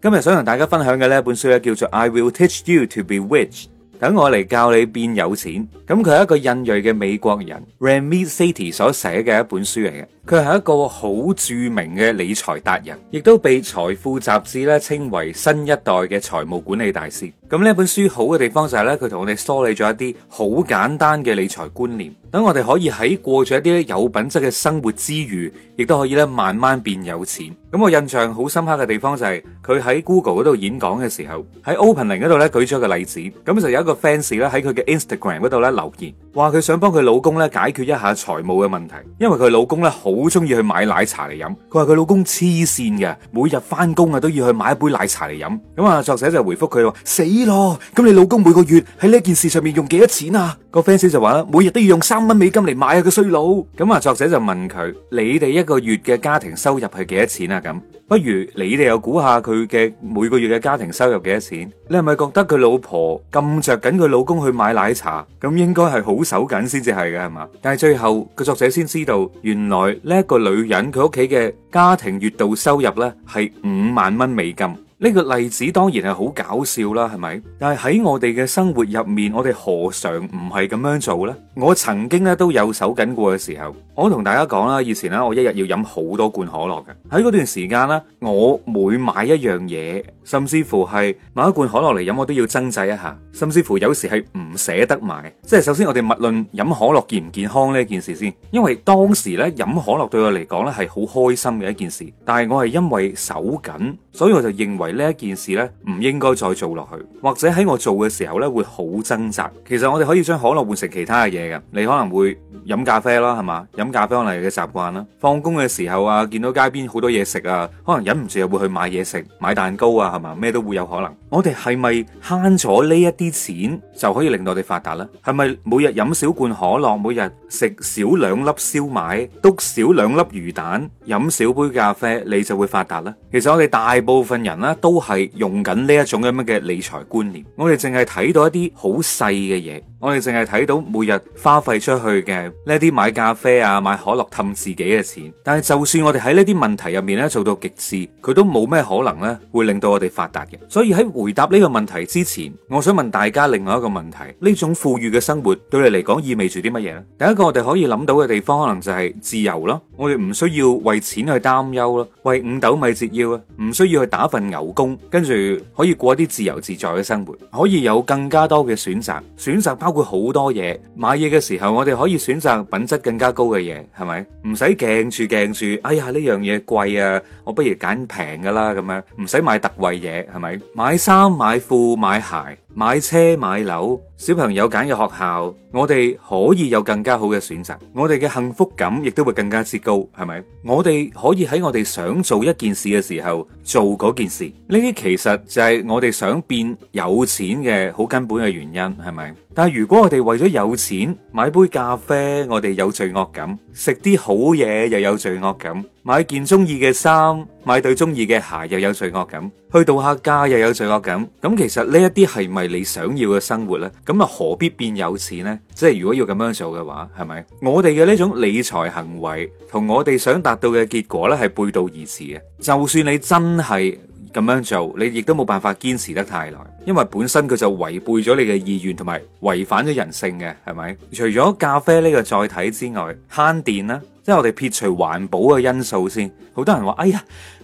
今日想同大家分享嘅呢本書咧，叫做《I Will Teach You to Be Rich》，等我嚟教你變有錢。咁佢係一個印裔嘅美國人 r a m i c i t y 所寫嘅一本書嚟嘅。佢係一個好著名嘅理財達人，亦都被財富雜誌咧稱爲新一代嘅財務管理大師。咁呢本書好嘅地方就係咧，佢同我哋梳理咗一啲好簡單嘅理財觀念，等我哋可以喺過住一啲有品質嘅生活之餘，亦都可以咧慢慢變有錢。咁我印象好深刻嘅地方就係佢喺 Google 嗰度演講嘅時候，喺 Opening 嗰度咧舉咗一個例子。咁就有一個 fans 咧喺佢嘅 Instagram 嗰度咧留言，話佢想幫佢老公咧解決一下財務嘅問題，因爲佢老公咧好。好中意去買奶茶嚟飲，佢話佢老公黐線嘅，每日翻工啊都要去買一杯奶茶嚟飲。咁啊，作者就回覆佢話：死咯！咁你老公每個月喺呢件事上面用幾多錢啊？個 fans 就話啦：每日都要用三蚊美金嚟買啊個衰佬。咁啊，作者就問佢：你哋一個月嘅家庭收入係幾多錢啊？咁不如你哋又估下佢嘅每個月嘅家庭收入幾多錢？你係咪覺得佢老婆咁着緊佢老公去買奶茶？咁應該係好手緊先至係嘅係嘛？但係最後個作者先知道，原來。呢一個女人佢屋企嘅家庭月度收入呢係五萬蚊美金。呢個例子當然係好搞笑啦，係咪？但係喺我哋嘅生活入面，我哋何嘗唔係咁樣做呢？我曾經咧都有手緊過嘅時候，我同大家講啦，以前咧我一日要飲好多罐可樂嘅。喺嗰段時間呢，我每買一樣嘢。甚至乎係買一罐可樂嚟飲，我都要掙扎一下。甚至乎有時係唔捨得買。即係首先我哋勿論飲可樂健唔健康呢一件事先，因為當時呢飲可樂對我嚟講呢係好開心嘅一件事。但係我係因為手緊，所以我就認為呢一件事呢唔應該再做落去。或者喺我做嘅時候呢會好掙扎。其實我哋可以將可樂換成其他嘅嘢嘅，你可能會飲咖啡啦，係嘛？飲咖啡我嚟嘅習慣啦。放工嘅時候啊，見到街邊好多嘢食啊，可能忍唔住又會去買嘢食，買蛋糕啊。咩都會有可能，我哋係咪慳咗呢一啲錢就可以令到你發達呢？係咪每日飲少罐可樂，每日食少兩粒燒賣，篤少兩粒魚蛋，飲少杯咖啡，你就會發達呢？其實我哋大部分人呢、啊，都係用緊呢一種咁樣嘅理財觀念，我哋淨係睇到一啲好細嘅嘢。我哋淨係睇到每日花費出去嘅呢啲買咖啡啊、買可樂氹自己嘅錢，但係就算我哋喺呢啲問題入面咧做到極致，佢都冇咩可能咧會令到我哋發達嘅。所以喺回答呢個問題之前，我想問大家另外一個問題：呢種富裕嘅生活對你嚟講意味住啲乜嘢呢？第一個我哋可以諗到嘅地方，可能就係自由咯。我哋唔需要為錢去擔憂咯，為五斗米折腰啊，唔需要去打份牛工，跟住可以過一啲自由自在嘅生活，可以有更加多嘅選擇，選擇。包括好多嘢，買嘢嘅時候我哋可以選擇品質更加高嘅嘢，係咪？唔使驚住驚住，哎呀呢樣嘢貴啊，我不如揀平噶啦，咁樣唔使買特惠嘢，係咪？買衫、買褲、買鞋。買車買樓，小朋友揀嘅學校，我哋可以有更加好嘅選擇，我哋嘅幸福感亦都會更加之高，係咪？我哋可以喺我哋想做一件事嘅時候做嗰件事，呢啲其實就係我哋想變有錢嘅好根本嘅原因，係咪？但係如果我哋為咗有錢買杯咖啡，我哋有罪惡感；食啲好嘢又有罪惡感。買件中意嘅衫，買對中意嘅鞋，又有罪惡感；去度下假，又有罪惡感。咁其實呢一啲係咪你想要嘅生活呢？咁啊，何必變有錢呢？即係如果要咁樣做嘅話，係咪？我哋嘅呢種理財行為，同我哋想達到嘅結果呢，係背道而馳嘅。就算你真係咁樣做，你亦都冇辦法堅持得太耐，因為本身佢就違背咗你嘅意願，同埋違反咗人性嘅，係咪？除咗咖啡呢個載體之外，慳電啦。即係我哋撇除環保嘅因素先。好多人話：「哎呀，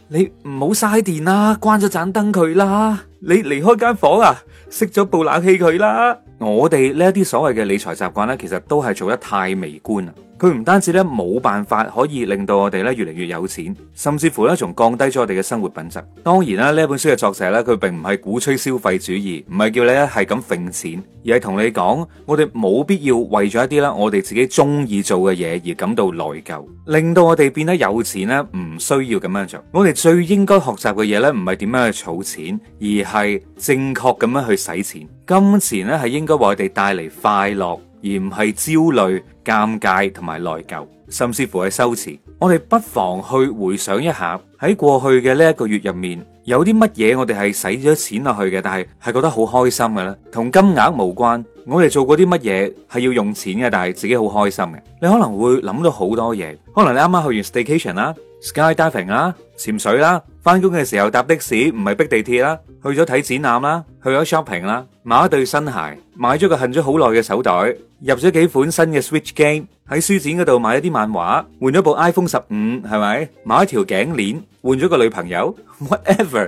你唔好嘥電啦，關咗盞燈佢啦。」你離開間房啊，熄咗部冷氣佢啦。我哋呢一啲所謂嘅理財習慣呢，其實都係做得太微觀喇！佢唔單止呢冇辦法可以令到我哋呢越嚟越有錢，甚至乎呢仲降低咗我哋嘅生活品質。當然啦，呢本書嘅作者呢，佢並唔係鼓吹消費主義，唔係叫你呢係咁揈錢，而係同你講，我哋冇必要為咗一啲咧我哋自己中意做嘅嘢而感到內疚，令到我哋變得有錢呢唔需要咁樣做。我哋最應該學習嘅嘢呢，唔係點樣去儲錢，而係正確咁樣去使錢，金錢咧係應該為我哋帶嚟快樂，而唔係焦慮、尷尬同埋內疚，甚至乎係羞恥。我哋不妨去回想一下喺過去嘅呢一個月入面，有啲乜嘢我哋係使咗錢落去嘅，但係係覺得好開心嘅咧，同金額無關。我哋做過啲乜嘢係要用錢嘅，但係自己好開心嘅。你可能會諗到好多嘢，可能你啱啱去完 staycation 啦。Sky diving 啦，潛水啦，翻工嘅時候搭的士，唔係逼地鐵啦。去咗睇展覽啦，去咗 shopping 啦，買一對新鞋，買咗個恨咗好耐嘅手袋，入咗幾款新嘅 Switch game，喺書展嗰度買一啲漫畫，換咗部 iPhone 十五，係咪買一條頸鏈，換咗個女朋友？Whatever，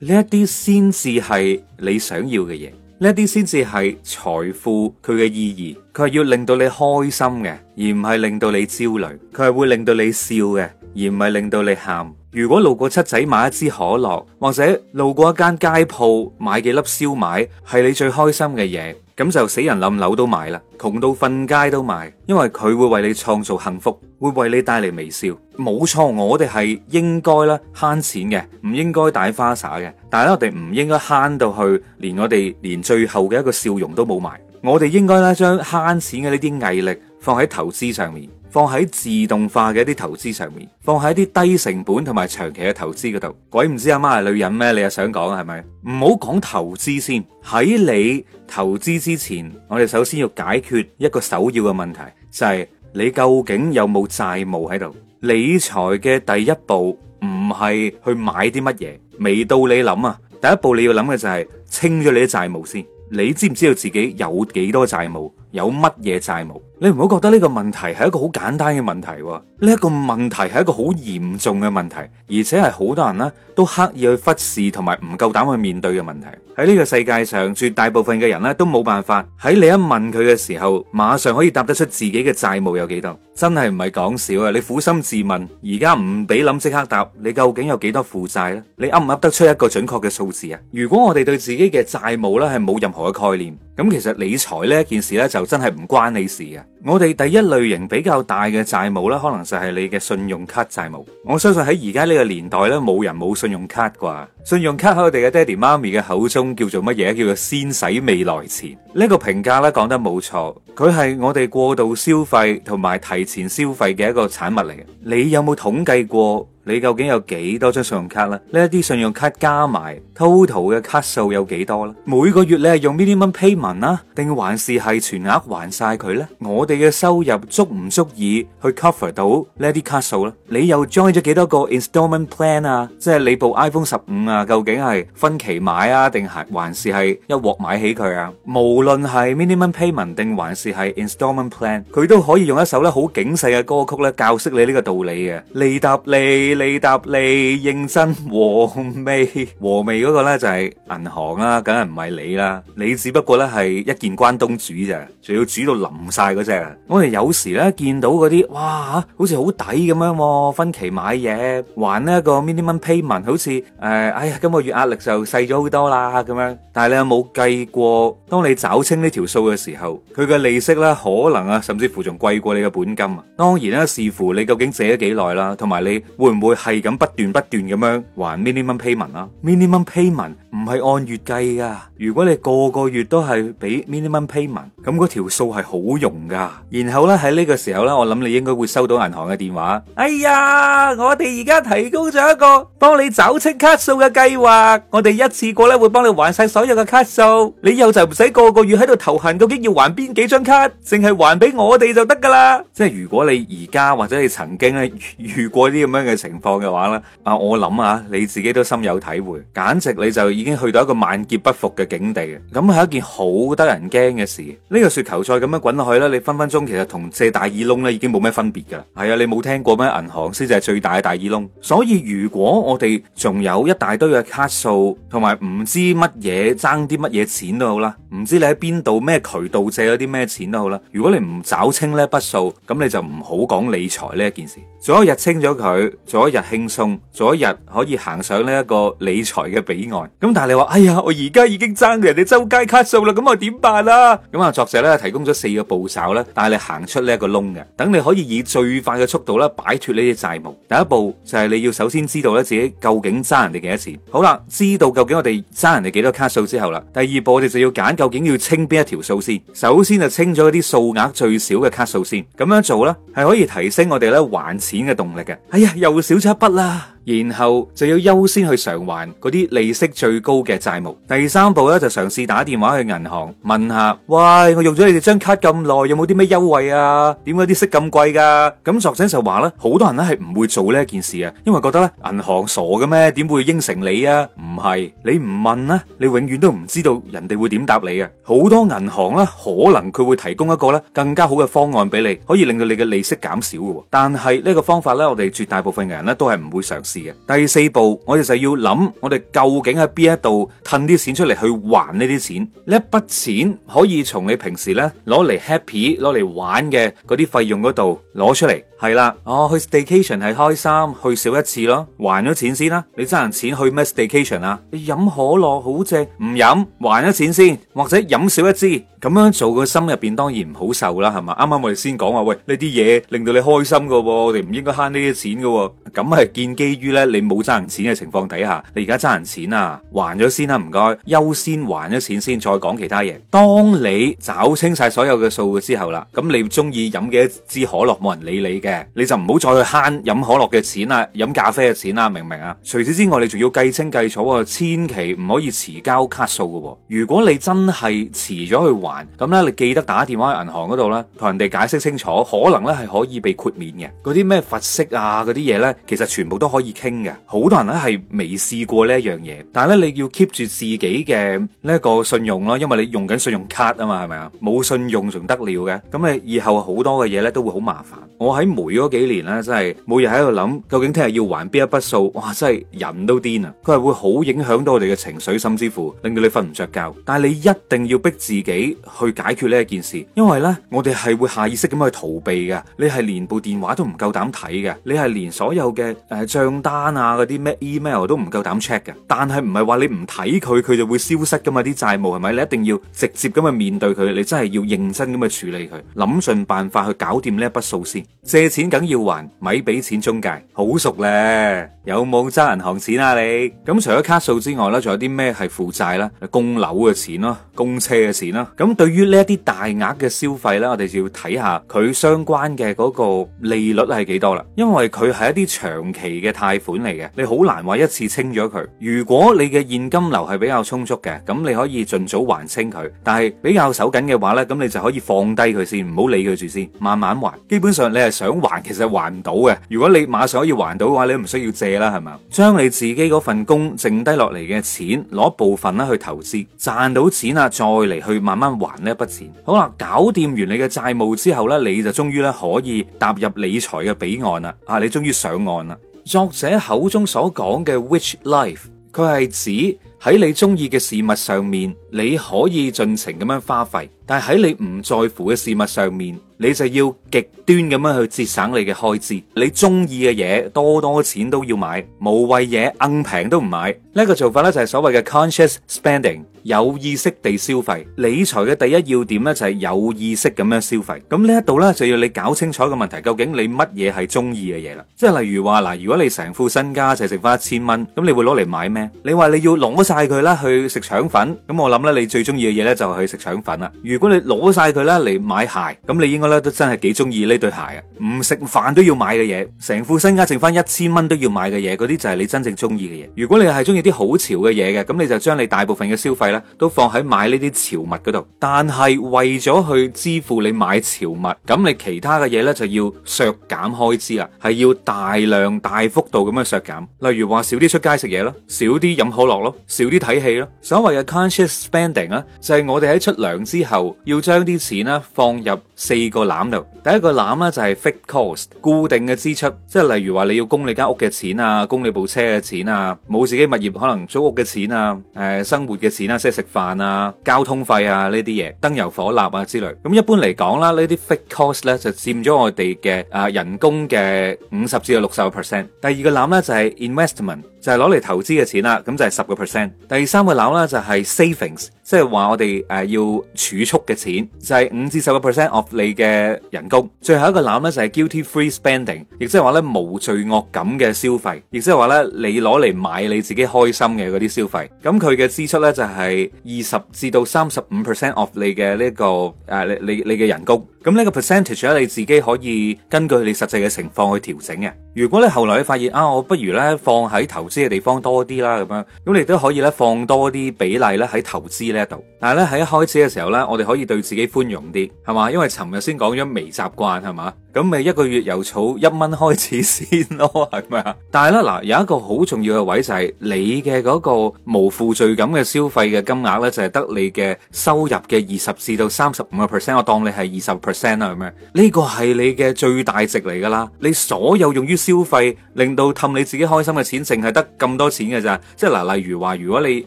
呢一啲先至係你想要嘅嘢，呢一啲先至係財富佢嘅意義。佢係要令到你開心嘅，而唔係令到你焦慮。佢係會令到你笑嘅。而唔係令到你喊。如果路過七仔買一支可樂，或者路過一間街鋪買幾粒燒賣，係你最開心嘅嘢，咁就死人冧樓都買啦，窮到瞓街都買。因為佢會為你創造幸福，會為你帶嚟微笑。冇錯，我哋係應該咧慳錢嘅，唔應該大花灑嘅。但係我哋唔應該慳到去，連我哋連最後嘅一個笑容都冇埋。我哋應該咧將慳錢嘅呢啲毅力放喺投資上面。放喺自動化嘅一啲投資上面，放喺一啲低成本同埋長期嘅投資嗰度，鬼唔知阿媽係女人咩？你又想講係咪？唔好講投資先，喺你投資之前，我哋首先要解決一個首要嘅問題，就係你究竟有冇債務喺度？理財嘅第一步唔係去買啲乜嘢，未到你諗啊，第一步你要諗嘅就係清咗你啲債務先。你知唔知道自己有幾多債務？有乜嘢債務？你唔好覺得呢個問題係一個好簡單嘅問題，呢一個問題係一個好嚴重嘅問題，而且係好多人呢都刻意去忽視同埋唔夠膽去面對嘅問題。喺呢個世界上，絕大部分嘅人呢都冇辦法喺你一問佢嘅時候，馬上可以答得出自己嘅債務有幾多？真係唔係講笑啊！你苦心自問，而家唔俾諗即刻答，你究竟有幾多負債呢？你噏唔噏得出一個準確嘅數字啊？如果我哋對自己嘅債務呢係冇任何嘅概念，咁其實理財呢一件事呢，就～就真係唔關你事啊。我哋第一類型比較大嘅債務咧，可能就係你嘅信用卡債務。我相信喺而家呢個年代咧，冇人冇信用卡啩。信用卡喺我哋嘅爹哋媽咪嘅口中叫做乜嘢？叫做先使未來錢。呢個評價咧，講得冇錯。佢係我哋過度消費同埋提前消費嘅一個產物嚟嘅。你有冇統計過？你究竟有幾多張信用卡咧？呢一啲信用卡加埋 total 嘅卡數有幾多咧？每個月你係用 minimum payment 啊，定還是係全額還晒佢咧？我哋嘅收入足唔足以去 cover 到呢一啲卡數咧？你又 join 咗幾多個 installment plan 啊？即係你部 iPhone 十五啊，究竟係分期買啊，定係還是係一鑊買起佢啊？無論係 minimum payment 定還是係 installment plan，佢都可以用一首咧好警世嘅歌曲咧教識你呢個道理嘅，嚟答你。利答利認真和味和味嗰個咧就係、是、銀行啦、啊，梗係唔係你啦，你只不過咧係一件關東煮咋，仲要煮到腍晒嗰隻。我哋有時咧見到嗰啲，哇好似好抵咁樣，分期買嘢，還呢一個 minimum payment，好似誒、哎，哎呀，今個月壓力就細咗好多啦咁樣。但係你有冇計過，當你找清呢條數嘅時候，佢嘅利息咧可能啊，甚至乎仲貴過你嘅本金。當然啦，視乎你究竟借咗幾耐啦，同埋你會唔會？會係咁不斷不斷咁樣還 minimum payment 啦。minimum payment 唔係按月計噶，如果你個個月都係俾 minimum payment，咁嗰條數係好用噶。然後咧喺呢個時候咧，我諗你應該會收到銀行嘅電話。哎呀，我哋而家提供咗一個幫你找清卡數嘅計劃，我哋一次過咧會幫你還晒所有嘅卡數，你以後就唔使個個月喺度頭痕，究竟要還邊幾張卡，淨係還俾我哋就得噶啦。即係如果你而家或者你曾經咧遇過啲咁樣嘅情情況嘅話呢啊，我諗啊，你自己都深有體會，簡直你就已經去到一個萬劫不復嘅境地，咁係一件好得人驚嘅事。呢個雪球再咁樣滾落去呢，你分分鐘其實同借大耳窿咧已經冇咩分別噶。係啊，你冇聽過咩銀行先至係最大嘅大耳窿，所以如果我哋仲有一大堆嘅卡數，同埋唔知乜嘢爭啲乜嘢錢都好啦，唔知你喺邊度咩渠道借咗啲咩錢都好啦，如果你唔找清呢筆數，咁你就唔好講理財呢一件事。早一日清咗佢，早一日輕鬆，早一日可以行上呢一個理財嘅彼岸。咁但係你話，哎呀，我而家已經爭人哋周街卡數啦，咁我點辦啦？啊？咁、嗯、啊作者咧提供咗四個步驟咧，帶你行出呢一個窿嘅。等你可以以最快嘅速度咧擺脱呢啲債務。第一步就係你要首先知道咧自己究竟爭人哋幾多錢。好啦，知道究竟我哋爭人哋幾多卡數之後啦，第二步我哋就要揀究竟要清邊一條數先。首先就清咗啲數額最少嘅卡數先。咁樣做咧係可以提升我哋咧還錢嘅動力嘅，哎呀，又少咗一筆啦。然後就要優先去償還嗰啲利息最高嘅債務。第三步咧，就嘗試打電話去銀行問下，喂，我用咗你哋張卡咁耐，有冇啲咩優惠啊？點解啲息咁貴㗎？啊，咁，嗯，作者就話呢好多人呢係唔會做呢件事啊，因為覺得咧銀行傻嘅咩？點會應承你啊？唔係你唔問咧，你永遠都唔知道人哋會點答你啊！好多銀行呢，可能佢會提供一個呢更加好嘅方案俾你，可以令到你嘅利息減少嘅。但係呢個方法呢，我哋絕大部分嘅人呢都係唔會嘗試。第四步，我哋就要諗，我哋究竟喺邊一度褪啲錢出嚟去還呢啲錢？呢一筆錢可以從你平時咧攞嚟 happy、攞嚟玩嘅嗰啲費用嗰度攞出嚟。係啦，哦去 staycation 係開心，去少一次咯，還咗錢先啦、啊。你爭人錢去咩 staycation 啊？飲可樂好正，唔飲，還咗錢先，或者飲少一支，咁樣做個心入邊當然唔好受啦，係嘛？啱啱我哋先講話，喂呢啲嘢令到你開心噶，我哋唔應該慳呢啲錢噶。咁係建基於咧你冇爭人錢嘅情況底下，你而家爭人錢啊，還咗先啦、啊，唔該，優先還咗錢先，再講其他嘢。當你找清晒所有嘅數之後啦，咁你中意飲嘅一支可樂冇人理你嘅。你就唔好再去慳飲可樂嘅錢啦，飲咖啡嘅錢啦，明唔明啊？除此之外，你仲要計清計楚啊，千祈唔可以遲交卡數噶。如果你真係遲咗去還，咁咧你記得打電話去銀行嗰度啦，同人哋解釋清楚，可能咧係可以被豁免嘅。嗰啲咩罰息啊，嗰啲嘢咧，其實全部都可以傾嘅。好多人咧係未試過呢一樣嘢，但係咧你要 keep 住自己嘅呢一個信用咯，因為你用緊信用卡啊嘛，係咪啊？冇信用仲得了嘅？咁你以後好多嘅嘢咧都會好麻煩。我喺回嗰幾年啦，真係每日喺度諗，究竟聽日要還邊一筆數？哇！真係人都癲啊！佢係會好影響到我哋嘅情緒，甚至乎令到你瞓唔着覺。但係你一定要逼自己去解決呢一件事，因為呢，我哋係會下意識咁去逃避噶你係連部電話都唔夠膽睇嘅，你係連所有嘅誒賬單啊，嗰啲咩 email 都唔夠膽 check 嘅。但係唔係話你唔睇佢，佢就會消失噶嘛？啲債務係咪？你一定要直接咁去面對佢，你真係要認真咁去處理佢，諗盡辦法去搞掂呢一筆數先錢梗要還，咪俾錢中介，好熟咧。有冇揸銀行錢啊？你咁除咗卡數之外咧，仲有啲咩係負債啦？供樓嘅錢啦，供車嘅錢啦。咁對於呢一啲大額嘅消費咧，我哋就要睇下佢相關嘅嗰個利率係幾多啦。因為佢係一啲長期嘅貸款嚟嘅，你好難話一次清咗佢。如果你嘅現金流係比較充足嘅，咁你可以盡早還清佢。但係比較手緊嘅話咧，咁你就可以放低佢先，唔好理佢住先，慢慢還。基本上你係想。還其實還唔到嘅，如果你馬上可以還到嘅話，你都唔需要借啦，係嘛？將你自己嗰份工剩低落嚟嘅錢，攞部分啦去投資，賺到錢啊，再嚟去慢慢還呢一筆錢。好啦，搞掂完你嘅債務之後呢，你就終於咧可以踏入理財嘅彼岸啦，啊，你終於上岸啦！作者口中所講嘅 Rich Life，佢係指喺你中意嘅事物上面，你可以盡情咁樣花費。但喺你唔在乎嘅事物上面，你就要極端咁樣去節省你嘅開支。你中意嘅嘢多多錢都要買，無謂嘢硬平都唔買。呢一個做法咧就係所謂嘅 conscious spending，有意識地消費。理財嘅第一要點咧就係有意識咁樣消費。咁呢一度咧就要你搞清楚個問題，究竟你乜嘢係中意嘅嘢啦？即係例如話嗱，如果你成副身家就剩翻一千蚊，咁你會攞嚟買咩？你話你要攞曬佢啦去食腸粉，咁我諗咧你最中意嘅嘢咧就係去食腸粉啦。如如果你攞晒佢咧嚟買鞋，咁你應該咧都真係幾中意呢對鞋啊！唔食飯都要買嘅嘢，成副身家剩翻一千蚊都要買嘅嘢，嗰啲就係你真正中意嘅嘢。如果你係中意啲好潮嘅嘢嘅，咁你就將你大部分嘅消費咧都放喺買呢啲潮物嗰度。但係為咗去支付你買潮物，咁你其他嘅嘢咧就要削減開支喇，係要大量大幅度咁樣削減。例如話少啲出街食嘢咯，少啲飲可樂咯，少啲睇戲咯。所謂嘅 conscious spending 啊，就係我哋喺出糧之後，要將啲錢咧放入四個籃度，第一個籃呢，就係、是、fixed cost，固定嘅支出，即係例如話你要供你間屋嘅錢啊，供你部車嘅錢啊，冇自己物業可能租屋嘅錢啊，誒生活嘅錢啊，即係食飯啊、交通費啊呢啲嘢，燈油火蠟啊之類。咁一般嚟講啦，呢啲 fixed cost 呢，就佔咗我哋嘅啊人工嘅五十至到六十 percent。第二個籃呢，就係、是、investment，就係攞嚟投資嘅錢啦，咁就係十個 percent。第三個籃呢，就係、是、savings。即係話我哋誒、uh, 要儲蓄嘅錢就係五至十個 percent of 你嘅人工，最後一個欄咧就係、是、guilty free spending，亦即係話咧無罪惡感嘅消費，亦即係話咧你攞嚟買你自己開心嘅嗰啲消費，咁佢嘅支出咧就係二十至到三十五 percent of 你嘅呢、這個誒、uh, 你你你嘅人工。咁呢個 percentage 咧，你自己可以根據你實際嘅情況去調整嘅。如果你後來你發現啊，我不如咧放喺投資嘅地方多啲啦，咁樣咁你都可以咧放多啲比例咧喺投資呢一度。但係咧喺一開始嘅時候咧，我哋可以對自己寬容啲，係嘛？因為尋日先講咗微習慣係嘛？咁咪一個月由儲一蚊開始先咯，係咪啊？但係咧嗱，有一個好重要嘅位就係你嘅嗰個無負罪感嘅消費嘅金額咧，就係得你嘅收入嘅二十至到三十五個 percent，我當你係二十。percent 啦咁嘅，呢個係你嘅最大值嚟噶啦，你所有用於消費，令到氹你自己開心嘅錢，淨係得咁多錢嘅咋？即係嗱，例如話，如果你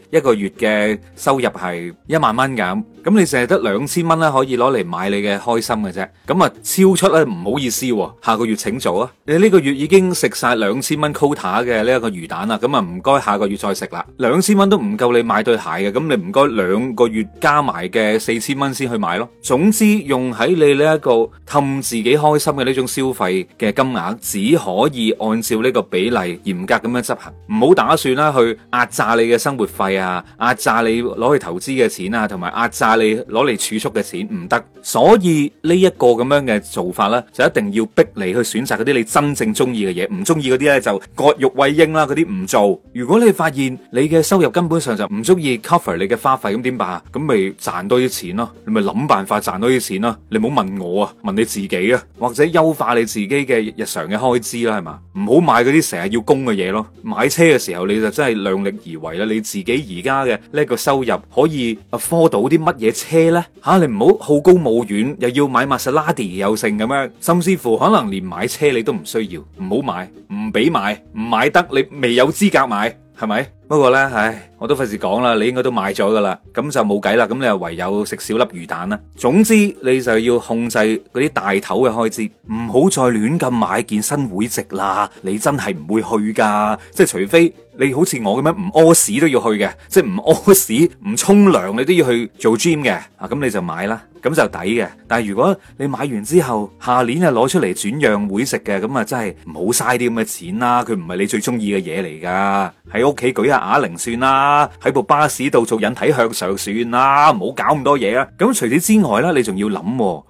一個月嘅收入係一萬蚊咁。咁你成日得兩千蚊啦，可以攞嚟買你嘅開心嘅啫。咁啊，超出咧，唔好意思，啊，下個月請做啊！你呢個月已經食晒兩千蚊 quota 嘅呢一個魚蛋啦，咁啊唔該下個月再食啦。兩千蚊都唔夠你買對鞋嘅，咁你唔該兩個月加埋嘅四千蚊先去買咯。總之用喺你呢一個氹自己開心嘅呢種消費嘅金額，只可以按照呢個比例嚴格咁樣執行，唔好打算啦去壓榨你嘅生活費啊，壓榨你攞去投資嘅錢啊，同埋壓榨。你攞嚟儲蓄嘅錢唔得，所以呢一個咁樣嘅做法呢，就一定要逼你去選擇嗰啲你真正中意嘅嘢，唔中意嗰啲呢，就割肉餵鷹啦，嗰啲唔做。如果你發現你嘅收入根本上就唔足以 cover 你嘅花費，咁點辦啊？咁咪賺多啲錢咯，你咪諗辦法賺多啲錢咯。你唔好問我啊，問你自己啊，或者優化你自己嘅日常嘅開支啦，係嘛？唔好買嗰啲成日要供嘅嘢咯。買車嘅時候你就真係量力而為啦，你自己而家嘅呢個收入可以 afford 到啲乜嘢？嘅車咧，吓、啊、你唔好好高騖遠，又要買瑪莎拉蒂又剩咁樣，甚至乎可能連買車你都唔需要，唔好買，唔俾買，唔買得，你未有資格買，係咪？不過呢，唉，我都費事講啦，你應該都買咗噶啦，咁就冇計啦，咁你又唯有食小粒魚蛋啦。總之你就要控制嗰啲大頭嘅開支，唔好再亂咁買健身會籍啦。你真係唔會去噶，即係除非你好似我咁樣唔屙屎都要去嘅，即係唔屙屎唔沖涼你都要去做 gym 嘅啊。咁你就買啦，咁就抵嘅。但係如果你買完之後，下年又攞出嚟轉讓會籍嘅，咁啊真係唔好嘥啲咁嘅錢啦。佢唔係你最中意嘅嘢嚟噶，喺屋企舉啞鈴算啦，喺部巴士度做引體向上算啦，唔好搞咁多嘢啦。咁除此之外咧，你仲要諗，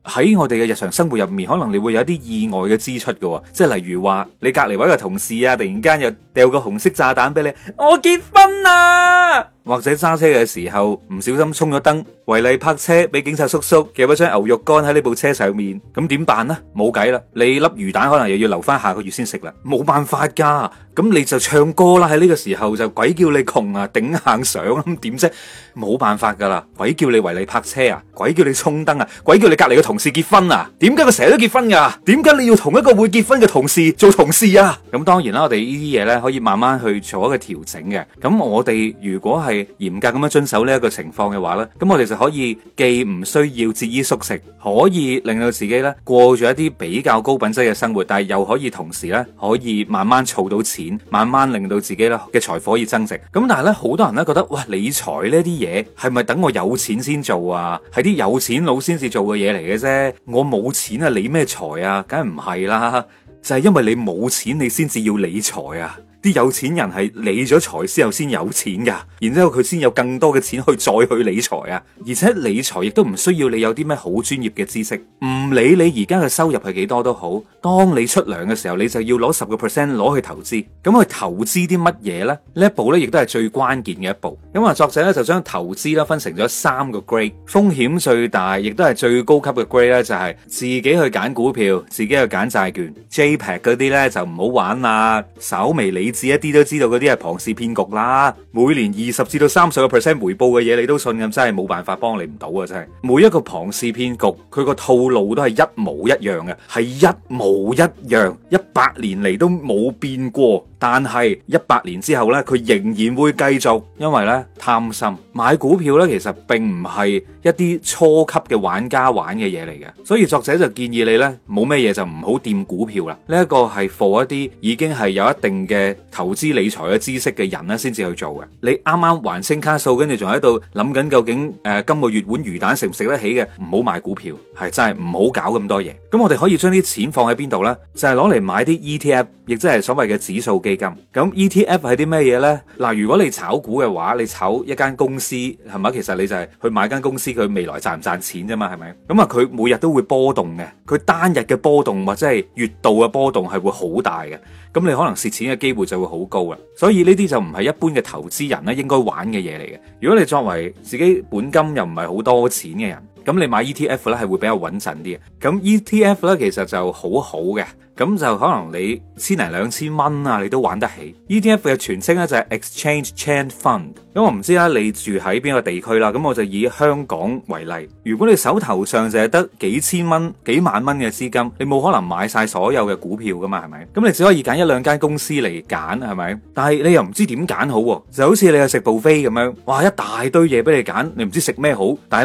喺我哋嘅日常生活入面，可能你會有一啲意外嘅支出噶，即係例如話你隔籬位嘅同事啊，突然間又掉個紅色炸彈俾你，我結婚啦！或者揸車嘅時候唔小心衝咗燈，違例泊車，俾警察叔叔夾咗張牛肉乾喺呢部車上面，咁點辦呢？冇計啦，你粒魚蛋可能又要留翻下個月先食啦，冇辦法噶。咁你就唱歌啦，喺呢個時候就鬼叫你窮啊，頂硬上咁點啫？冇辦法噶啦，鬼叫你違例泊車啊，鬼叫你衝燈啊，鬼叫你隔籬嘅同事結婚啊？點解佢成日都結婚噶？點解你要同一個會結婚嘅同事做同事啊？咁當然啦，我哋呢啲嘢呢可以慢慢去做一個調整嘅。咁我哋如果係嚴格咁樣遵守呢一個情況嘅話呢，咁我哋就可以既唔需要節衣縮食，可以令到自己呢過住一啲比較高品質嘅生活，但係又可以同時呢可以慢慢儲到錢，慢慢令到自己呢嘅財富可以增值。咁但係呢，好多人呢覺得哇，理財呢啲嘢係咪等我有錢先做啊？係啲有錢佬先至做嘅嘢嚟嘅啫。我冇錢啊，理咩財啊？梗係唔係啦，就係因為你冇錢，你先至要理財啊。啲有錢人係理咗財之後先有錢㗎，然之後佢先有更多嘅錢去再去理財啊！而且理財亦都唔需要你有啲咩好專業嘅知識，唔理你而家嘅收入係幾多都好。當你出糧嘅時候，你就要攞十個 percent 攞去投資。咁去投資啲乜嘢呢？呢一步呢亦都係最關鍵嘅一步。咁啊，作者呢，就將投資呢分成咗三個 grade，風險最大亦都係最高級嘅 grade 咧，就係自己去揀股票、自己去揀債券、J.P. 嗰啲呢，就唔好玩啦，稍微理。一啲都知道嗰啲係龐氏騙局啦，每年二十至到三十個 percent 回報嘅嘢你都信任，真係冇辦法幫你唔到啊！真係每一個龐氏騙局，佢個套路都係一模一樣嘅，係一模一樣，一百年嚟，都冇變過。但係一百年之後呢，佢仍然會繼續，因為呢，貪心買股票呢，其實並唔係一啲初級嘅玩家玩嘅嘢嚟嘅。所以作者就建議你呢，冇咩嘢就唔好掂股票啦。呢、這、一個係 for 一啲已經係有一定嘅投資理財嘅知識嘅人呢先至去做嘅。你啱啱還清卡數，跟住仲喺度諗緊究竟誒、呃、今個月碗魚蛋食唔食得起嘅，唔好買股票，係真係唔好搞咁多嘢。咁我哋可以將啲錢放喺邊度呢？就係攞嚟買啲 ETF，亦即係所謂嘅指數基。咁 ETF 係啲咩嘢呢？嗱，如果你炒股嘅話，你炒一間公司係咪？其實你就係去買間公司佢未來賺唔賺錢啫嘛，係咪？咁啊，佢每日都會波動嘅，佢單日嘅波動或者係月度嘅波動係會好大嘅。咁你可能蝕錢嘅機會就會好高啦。所以呢啲就唔係一般嘅投資人咧應該玩嘅嘢嚟嘅。如果你作為自己本金又唔係好多錢嘅人，咁你買 ETF 咧係會比較穩陣啲。咁 ETF 咧其實就好好嘅。咁就可能你千零兩千蚊啊，你都玩得起。E.T.F 嘅全稱咧就係、是、Exchange Traded Fund。咁我唔知啦、啊，你住喺邊個地區啦，咁我就以香港為例。如果你手頭上就係得幾千蚊、幾萬蚊嘅資金，你冇可能買晒所有嘅股票噶嘛，係咪？咁你只可以揀一兩間公司嚟揀，係咪？但係你又唔知點揀好、啊，就好似你去食 buffet 咁樣，哇，一大堆嘢俾你揀，你唔知食咩好。但係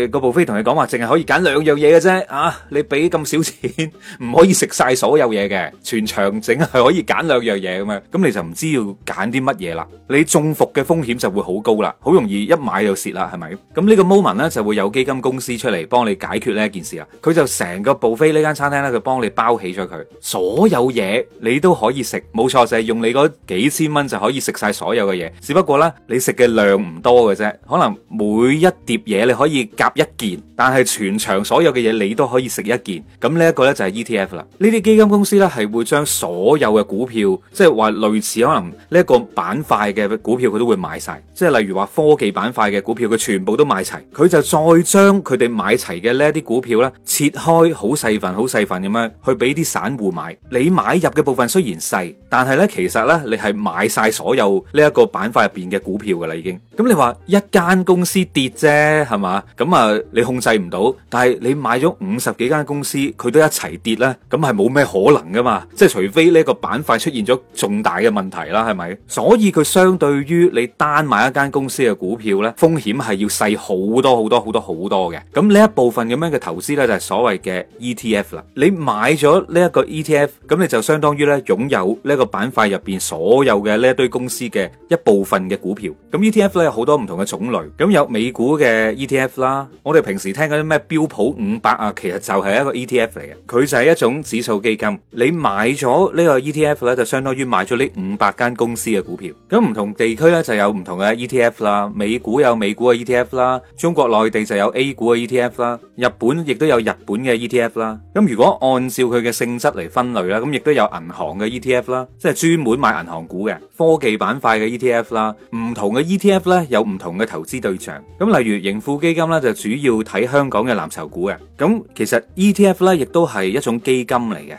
咧，誒個 buffet 同你講話，淨係可以揀兩樣嘢嘅啫啊！你俾咁少錢，唔 可以食晒。所有嘢嘅全場整係可以揀兩樣嘢咁樣，咁你就唔知要揀啲乜嘢啦。你中伏嘅風險就會好高啦，好容易一買就蝕啦，係咪？咁呢個 moment 咧就會有基金公司出嚟幫你解決呢一件事啊。佢就成個 buffet 呢間餐廳咧，就幫你包起咗佢所有嘢，你都可以食。冇錯，就係用你嗰幾千蚊就可以食晒所有嘅嘢。只不過咧，你食嘅量唔多嘅啫，可能每一碟嘢你可以夾一件，但係全場所有嘅嘢你都可以食一件。咁呢一個咧就係 ETF 啦，呢啲基。基金公司咧係會將所有嘅股票，即係話類似可能呢一個板塊嘅股票，佢都會買晒。即係例如話科技板塊嘅股票，佢全部都買齊，佢就再將佢哋買齊嘅呢一啲股票咧切開好細份、好細份咁樣去俾啲散戶買。你買入嘅部分雖然細，但係咧其實咧你係買晒所有呢一個板塊入邊嘅股票噶啦，已經。咁你話一間公司跌啫，係嘛？咁啊，你控制唔到。但係你買咗五十幾間公司，佢都一齊跌咧，咁係冇咩？係可能噶嘛？即係除非呢一個板塊出現咗重大嘅問題啦，係咪？所以佢相對於你單買一間公司嘅股票呢，風險係要細好多好多好多好多嘅。咁呢一部分咁樣嘅投資呢，就係所謂嘅 ETF 啦。你買咗呢一個 ETF，咁你就相當於咧擁有呢個板塊入邊所有嘅呢一堆公司嘅一部分嘅股票。咁 ETF 呢，有好多唔同嘅種類，咁有美股嘅 ETF 啦。我哋平時聽嗰啲咩標普五百啊，其實就係一個 ETF 嚟嘅，佢就係一種指數嘅。基金，你買咗呢個 ETF 咧，就相當於買咗呢五百間公司嘅股票。咁唔同地區咧就有唔同嘅 ETF 啦，美股有美股嘅 ETF 啦，中國內地就有 A 股嘅 ETF 啦，日本亦都有日本嘅 ETF 啦。咁如果按照佢嘅性質嚟分類啦，咁亦都有銀行嘅 ETF 啦，即係專門買銀行股嘅、科技板塊嘅 ETF 啦。唔同嘅 ETF 咧有唔同嘅投資對象。咁例如盈富基金咧就主要睇香港嘅藍籌股嘅。咁其實 ETF 咧亦都係一種基金嚟嘅。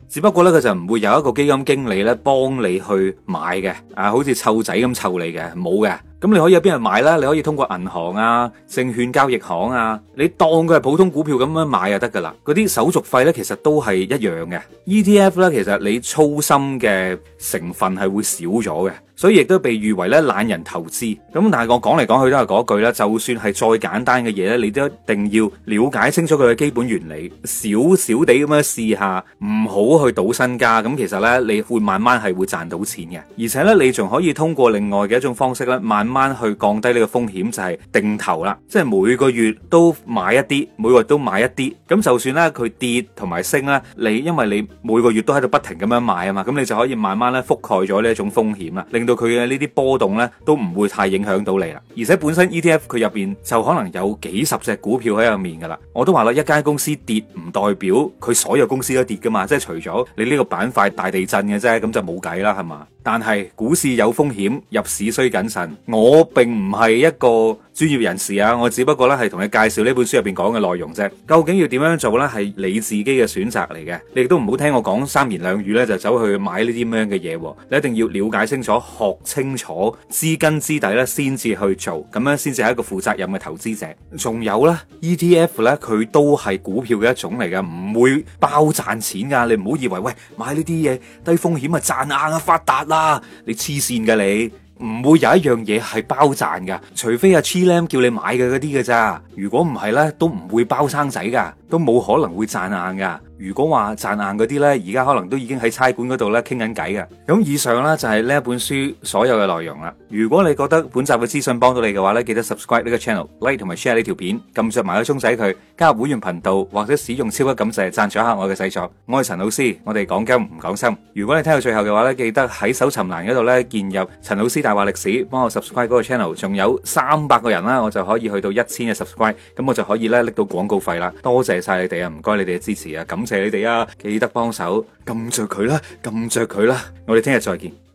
只不過咧，佢就唔會有一個基金經理咧幫你去買嘅，啊，好似湊仔咁湊你嘅，冇嘅。咁你可以有邊人買咧？你可以通過銀行啊、證券交易行啊，你當佢係普通股票咁樣買就得噶啦。嗰啲手續費咧，其實都係一樣嘅。ETF 咧，其實你操心嘅成分係會少咗嘅，所以亦都被譽為咧懶人投資。咁但係我講嚟講去都係嗰句啦，就算係再簡單嘅嘢咧，你都一定要了解清楚佢嘅基本原理，少少地咁樣試下，唔好去賭身家咁，其實呢，你會慢慢係會賺到錢嘅，而且呢，你仲可以通過另外嘅一種方式呢，慢慢去降低呢個風險，就係定投啦。即係每個月都買一啲，每個月都買一啲，咁就算呢，佢跌同埋升啦，你因為你每個月都喺度不停咁樣買啊嘛，咁你就可以慢慢呢，覆蓋咗呢一種風險啦，令到佢嘅呢啲波動呢，都唔會太影響到你啦。而且本身 ETF 佢入邊就可能有幾十隻股票喺入面噶啦，我都話啦，一間公司跌唔代表佢所有公司都跌噶嘛，即係除咗。你呢個板塊大地震嘅啫，咁就冇計啦，係嘛？但係股市有風險，入市需謹慎。我並唔係一個。專業人士啊，我只不過咧，係同你介紹呢本書入邊講嘅內容啫。究竟要點樣做呢？係你自己嘅選擇嚟嘅。你亦都唔好聽我講三言兩語咧就走去買呢啲咁樣嘅嘢。你一定要了解清楚、學清楚、知根知底咧，先至去做，咁樣先至係一個負責任嘅投資者。仲有咧，ETF 呢，佢都係股票嘅一種嚟嘅，唔會包賺錢噶。你唔好以為喂買呢啲嘢低風險啊賺硬啊發達啦，啊，你黐線噶你。唔會有一樣嘢係包賺噶，除非阿 Chilam 叫你買嘅嗰啲嘅咋。如果唔係呢，都唔會包生仔噶，都冇可能會賺硬噶。如果話賺硬嗰啲呢，而家可能都已經喺差館嗰度咧傾緊偈嘅。咁以上呢，就係呢一本書所有嘅內容啦。如果你覺得本集嘅資訊幫到你嘅話，呢記得 subscribe 呢個 channel，like 同埋 share 呢條片，撳着埋個鐘仔佢，加入會員頻道或者使用超級感謝贊助一下我嘅製作。我係陳老師，我哋講金唔講心。如果你聽到最後嘅話呢，記得喺搜尋欄嗰度呢，建入陳老師大話歷史，幫我 subscribe 嗰個 channel。仲有三百個人啦，我就可以去到一千嘅 subscribe，咁我就可以呢拎到廣告費啦。多謝晒你哋啊，唔該你哋嘅支持啊，感謝。謝你哋啊！記得幫手撳着佢啦，撳着佢啦！我哋聽日再見。